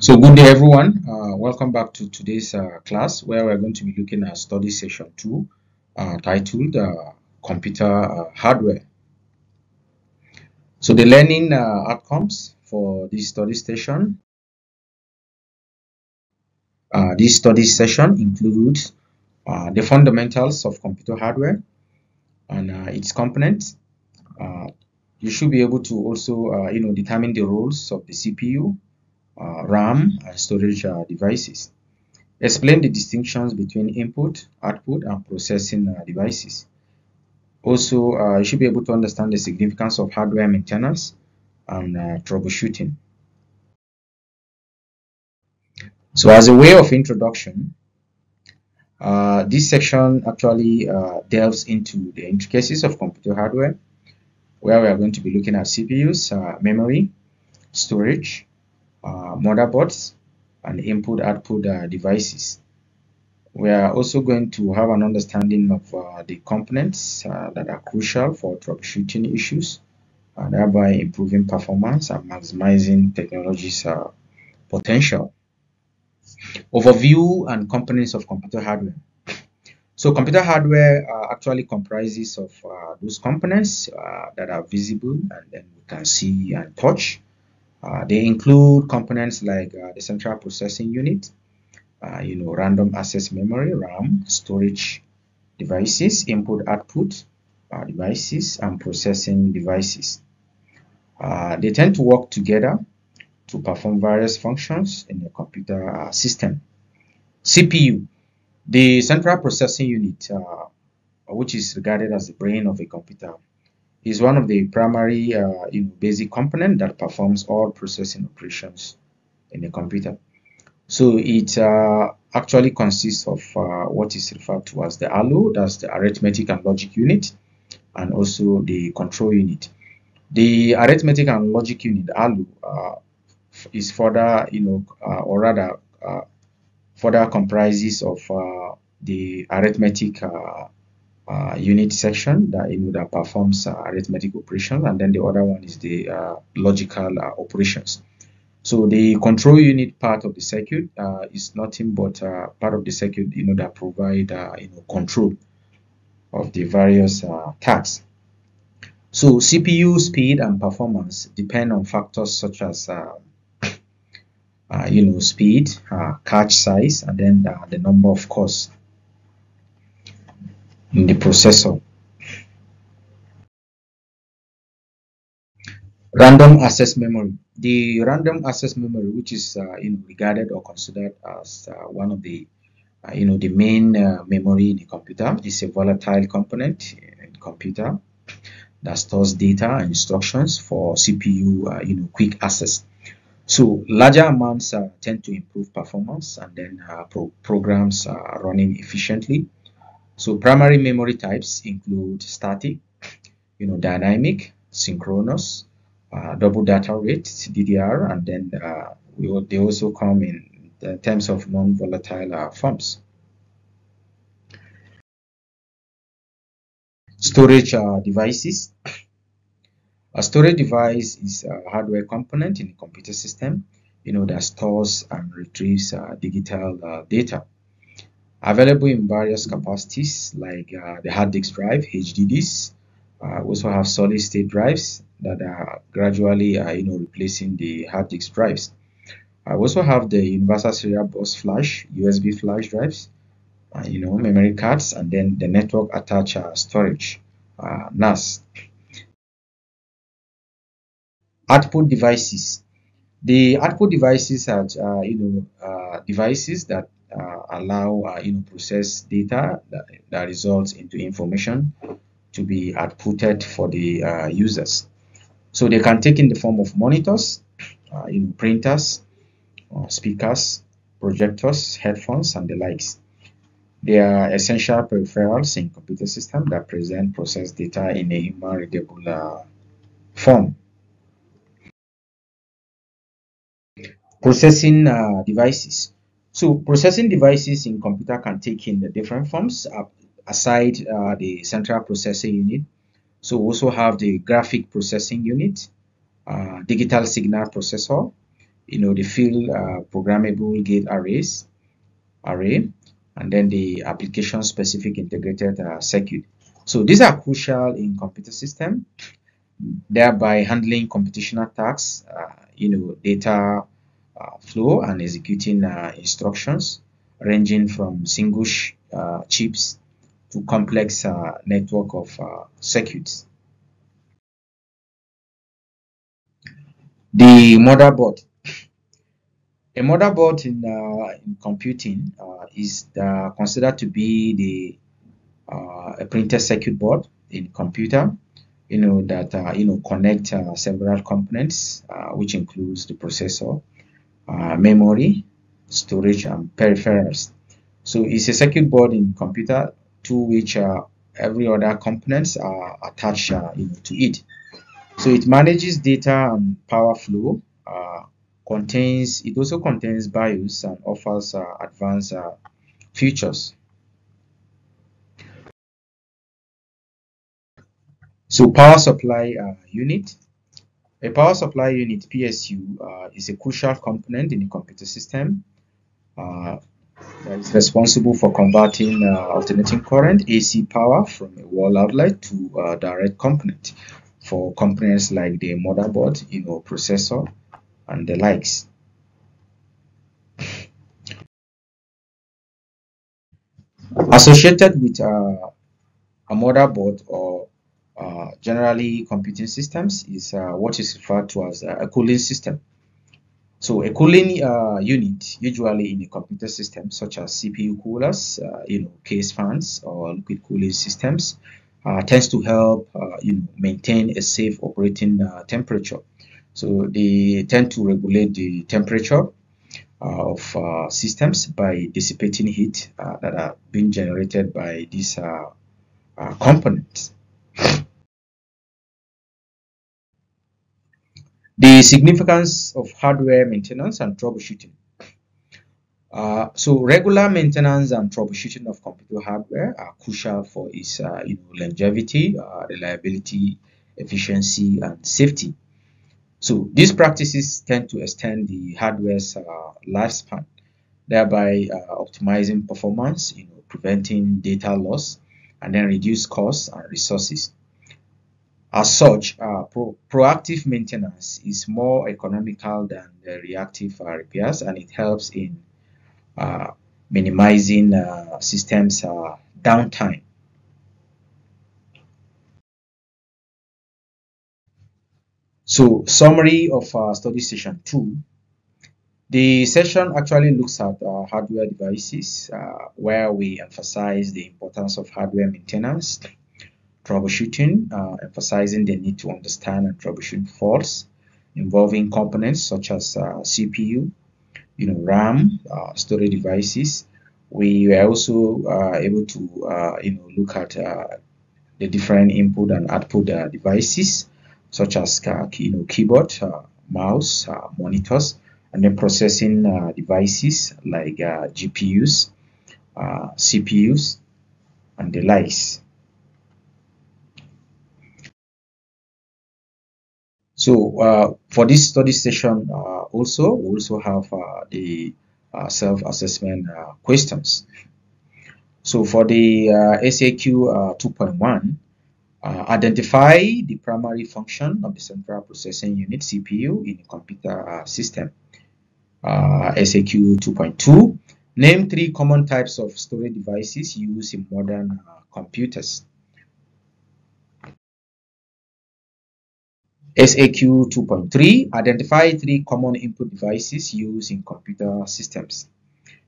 So good day everyone, uh, welcome back to today's uh, class where we're going to be looking at study session 2 uh, titled uh, Computer uh, Hardware. So the learning uh, outcomes for this study session. this study session includes the fundamentals of computer hardware and its components. you should be able to also you know determine the roles of the CPU uh, RAM, and uh, storage uh, devices. Explain the distinctions between input, output, and processing uh, devices. Also, uh, you should be able to understand the significance of hardware maintenance and uh, troubleshooting. So as a way of introduction, this section actually delves into the intricacies of computer hardware, where we are going to be looking at CPUs, memory, storage, uh, motherboards and input output uh, devices. We are also going to have an understanding of uh, the components that are crucial for troubleshooting issues thereby improving performance and maximizing technology's potential. Overview and components of computer hardware. So computer hardware uh, actually comprises of uh, those components uh, that are visible and then we can see and touch. Uh, they include components like uh, the central processing unit, uh, you know, random access memory, RAM, storage devices, input-output devices, and processing devices. they tend to work together to perform various functions in the computer system. CPU, the central processing unit, uh, which is regarded as the brain of a computer, is one of the primary uh, basic component that performs all processing operations in a computer. So it uh, actually consists of uh, what is referred to as the ALU, that's the arithmetic and logic unit, and also the control unit. The arithmetic and logic unit ALU uh, is further, you know, uh, or rather, uh, further comprises of the arithmetic uh, unit section that you know that performs uh, arithmetic operations and then the other one is the uh, logical uh, operations so the control unit part of the circuit uh, is nothing but uh, part of the circuit you know that provide you know control of the various tasks so cpu speed and performance depend on factors such as you know speed cache size and then the number of cores in the processor. Random access memory. The random access memory, which is uh, you know, regarded or considered as uh, one of the uh, you know the main uh, memory in a computer, is a volatile component in computer that stores data and instructions for CPU uh, you know quick access. So larger amounts uh, tend to improve performance, and then pro programs are running efficiently so primary memory types include static, you know, dynamic, synchronous, uh, double data rate, DDR, and then uh, will, they also come in the uh, terms of non-volatile uh, forms. Storage uh, devices. A storage device is a hardware component in a computer system, you know, that stores and retrieves uh, digital data available in various capacities like uh, the hard disk drive, HDDs. Uh, we also have solid state drives that are gradually uh, you know replacing the hard disk drives. I uh, also have the universal serial bus flash, USB flash drives, uh, you know, memory cards, and then the network attached storage, NAS. Output devices the output devices are uh, you know uh, devices that uh, allow uh, you know process data that, that results into information to be outputted for the uh, users. So they can take in the form of monitors, uh, in printers, uh, speakers, projectors, headphones, and the likes. They are essential peripherals in computer system that present process data in a human readable form. Processing uh, devices. So processing devices in computer can take in the different forms uh, aside uh, the central processing unit. So we also have the graphic processing unit, uh, digital signal processor, you know, the field uh, programmable gate arrays, array, and then the application specific integrated uh, circuit. So these are crucial in computer system, thereby handling computational tasks, uh, you know, data, uh, flow and executing uh, instructions ranging from single uh, chips to complex network of circuits. The motherboard. A motherboard in, in computing is considered to be the uh, a printed circuit board in computer you know that uh, you know connect uh, several components which includes the processor uh, memory, storage, and peripherals. So it's a circuit board in computer to which uh, every other components are attached uh, to it. So it manages data and power flow. Uh, contains it also contains BIOS and offers uh, advanced features. So power supply unit a power supply unit, PSU, uh, is a crucial component in a computer system uh, that is responsible for converting uh, alternating current, AC power, from a wall outlet to a direct component for components like the motherboard, you know, processor, and the likes. Associated with uh, a motherboard or uh, generally computing systems is uh, what is referred to as uh, a cooling system. So a cooling uh, unit, usually in a computer system, such as CPU coolers, uh, you know, case fans or liquid cooling systems, uh, tends to help you know, maintain a safe operating temperature. So they tend to regulate the temperature of systems by dissipating heat that are being generated by these components. The significance of hardware maintenance and troubleshooting. Uh, so regular maintenance and troubleshooting of computer hardware are crucial for its uh, you know, longevity, uh, reliability, efficiency, and safety. So these practices tend to extend the hardware's uh, lifespan, thereby uh, optimizing performance, you know, preventing data loss, and then reduce costs and resources. As such, uh, pro proactive maintenance is more economical than reactive uh, repairs and it helps in uh, minimizing uh, systems uh, downtime. So summary of uh, study session 2. The session actually looks at hardware devices where we emphasize the importance of hardware maintenance troubleshooting, uh, emphasizing the need to understand and troubleshoot faults involving components such as uh, CPU, you know, RAM, uh, storage devices. We were also uh, able to, uh, you know, look at uh, the different input and output devices such as, you know, keyboard, mouse, monitors, and then processing devices like GPUs, CPUs, and the likes. So uh, for this study session uh, also, we also have uh, the uh, self-assessment uh, questions. So for the uh, SAQ 2.1, identify the primary function of the central processing unit CPU in a computer system. SAQ 2.2, name three common types of storage devices used in modern computers. SAQ 2.3 Identify three common input devices used in computer systems.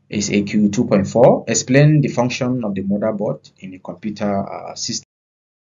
SAQ 2.4 Explain the function of the motherboard in a computer uh, system.